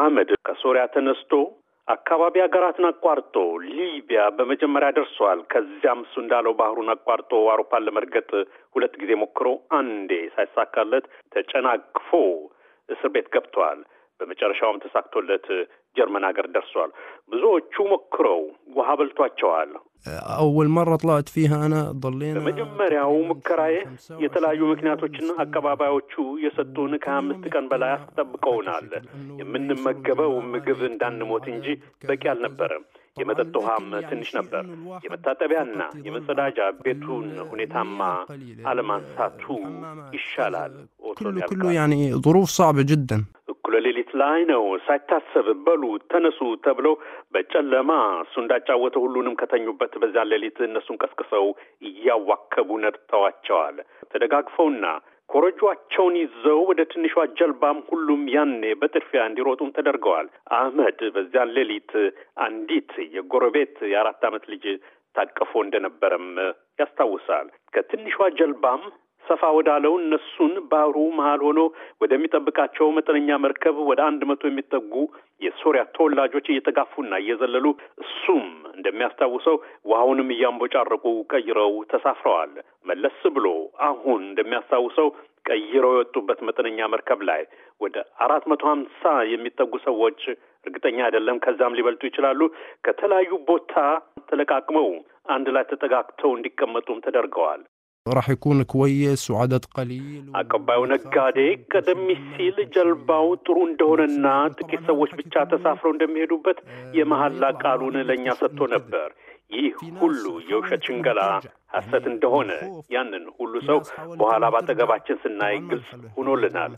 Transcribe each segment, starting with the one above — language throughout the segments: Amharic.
አህመድ ከሶሪያ ተነስቶ አካባቢ ሀገራትን አቋርጦ ሊቢያ በመጀመሪያ ደርሷል። ከዚያም እሱ እንዳለው ባህሩን አቋርጦ አውሮፓን ለመርገጥ ሁለት ጊዜ ሞክሮ አንዴ ሳይሳካለት ተጨናግፎ እስር ቤት ገብቷል። በመጨረሻውም ተሳክቶለት ጀርመን ሀገር ደርሷል። ብዙዎቹ ሞክረው ውሃ በልቷቸዋል። አወል መራ ጥላት ፊሃ አና ضلينا በመጀመሪያው ሙከራዬ የተለያዩ ምክንያቶችና አቀባባዮቹ የሰጡን ከአምስት ቀን በላይ አስጠብቀውናል። የምንመገበው ምግብ እንዳንሞት እንጂ በቂ አልነበረም። የመጠጥ ውሃም ትንሽ ነበር። የመታጠቢያና የመጸዳጃ ቤቱን ሁኔታማ አለማንሳቱ ይሻላል። ኩሉ ኩሉ ያኒ ظروف جدا ሌሊት ላይ ነው። ሳይታሰብ በሉ ተነሱ ተብለው በጨለማ እሱ እንዳጫወተ ሁሉንም ከተኙበት በዚያ ሌሊት እነሱን ቀስቅሰው እያዋከቡ ነድተዋቸዋል። ተደጋግፈውና ኮረጇቸውን ይዘው ወደ ትንሿ ጀልባም ሁሉም ያኔ በጥድፊያ እንዲሮጡም ተደርገዋል። አህመድ በዚያ ሌሊት አንዲት የጎረቤት የአራት ዓመት ልጅ ታቅፎ እንደነበረም ያስታውሳል። ከትንሿ ጀልባም ሰፋ ወዳለው እነሱን ባህሩ መሀል ሆኖ ወደሚጠብቃቸው መጠነኛ መርከብ ወደ አንድ መቶ የሚጠጉ የሶሪያ ተወላጆች እየተጋፉና እየዘለሉ እሱም እንደሚያስታውሰው ውሃውንም እያንቦጫረቁ ቀይረው ተሳፍረዋል። መለስ ብሎ አሁን እንደሚያስታውሰው ቀይረው የወጡበት መጠነኛ መርከብ ላይ ወደ አራት መቶ ሀምሳ የሚጠጉ ሰዎች እርግጠኛ አይደለም፣ ከዛም ሊበልጡ ይችላሉ። ከተለያዩ ቦታ ተለቃቅመው አንድ ላይ ተጠጋግተው እንዲቀመጡም ተደርገዋል። راح يكون كويس وعدد قليل አቀባዩ ነጋዴ ቀደም ሲል ጀልባው ጥሩ እንደሆነና ጥቂት ሰዎች ብቻ ተሳፍረው እንደሚሄዱበት የመሐላ ቃሉን ለእኛ ሰጥቶ ነበር። ይህ ሁሉ የውሸት ሽንገላ ሐሰት እንደሆነ ያንን ሁሉ ሰው በኋላ ባጠገባችን ስናይ ግልጽ ሆኖልናል።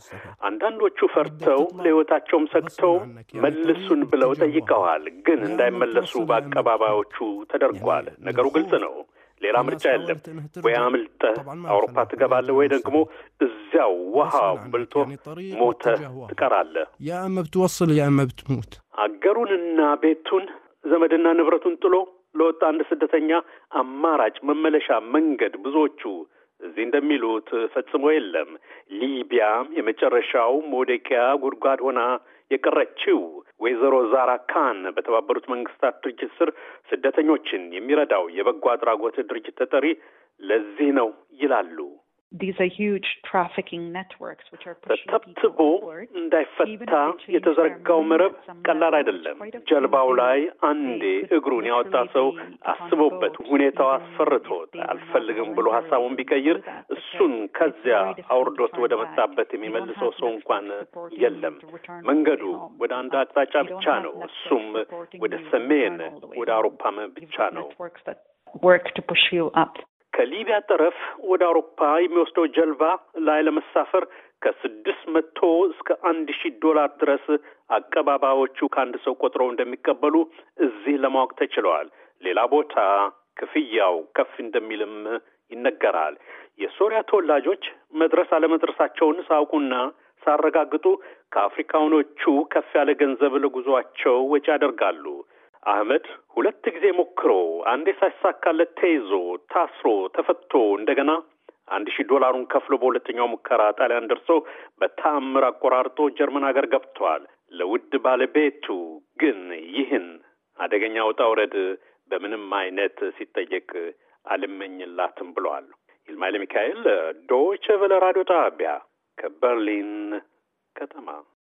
አንዳንዶቹ ፈርተው ለሕይወታቸውም ሰግተው መልሱን ብለው ጠይቀዋል፣ ግን እንዳይመለሱ በአቀባባዮቹ ተደርጓል። ነገሩ ግልጽ ነው። ሌላ ምርጫ የለም። ወይ አምልጠህ አውሮፓ ትገባለህ ወይ ደግሞ እዚያው ውሃ ብልቶ ሞተ ትቀራለህ። የአመብት ወስል የአመብት ብትሞት። አገሩንና ቤቱን ዘመድና ንብረቱን ጥሎ ለወጣ አንድ ስደተኛ አማራጭ መመለሻ መንገድ ብዙዎቹ እዚህ እንደሚሉት ፈጽሞ የለም። ሊቢያም የመጨረሻው መውደቂያ ጉድጓድ ሆና የቀረችው ወይዘሮ ዛራ ካን በተባበሩት መንግስታት ድርጅት ስር ስደተኞችን የሚረዳው የበጎ አድራጎት ድርጅት ተጠሪ ለዚህ ነው ይላሉ። ከጠብትቦ እንዳይፈታ የተዘረጋው መረብ ቀላል አይደለም። ጀልባው ላይ አንዴ እግሩን ያወጣ ሰው አስቦበት ሁኔታው አስፈርቶት አልፈልግም ብሎ ሀሳቡን ቢቀይር እሱን ከዚያ አውርዶት ወደ መጣበት የሚመልሰው ሰው እንኳን የለም። መንገዱ ወደ አንድ uh, አቅጣጫ ብቻ ነው። እሱም ወደ ሰሜን ወደ አውሮፓም ብቻ ነው። ከሊቢያ ጠረፍ ወደ አውሮፓ የሚወስደው ጀልባ ላይ ለመሳፈር ከስድስት መቶ እስከ አንድ ሺህ ዶላር ድረስ አቀባባዮቹ ከአንድ ሰው ቆጥረው እንደሚቀበሉ እዚህ ለማወቅ ተችለዋል። ሌላ ቦታ ክፍያው ከፍ እንደሚልም ይነገራል። የሶሪያ ተወላጆች መድረስ አለመድረሳቸውን ሳውቁና ሳረጋግጡ ከአፍሪካኖቹ ከፍ ያለ ገንዘብ ለጉዟቸው ወጪ ያደርጋሉ። አህመድ ሁለት ጊዜ ሞክሮ አንዴ ሳይሳካለት ተይዞ ታስሮ ተፈቶ እንደገና አንድ ሺህ ዶላሩን ከፍሎ በሁለተኛው ሙከራ ጣሊያን ደርሶ በታምር አቆራርጦ ጀርመን ሀገር ገብቷል። ለውድ ባለቤቱ ግን ይህን አደገኛ ውጣ ውረድ በምንም አይነት ሲጠየቅ አልመኝላትም ብለዋል። ይልማ ሚካኤል ዶይቸ ቬለ ራዲዮ ጣቢያ ከበርሊን ከተማ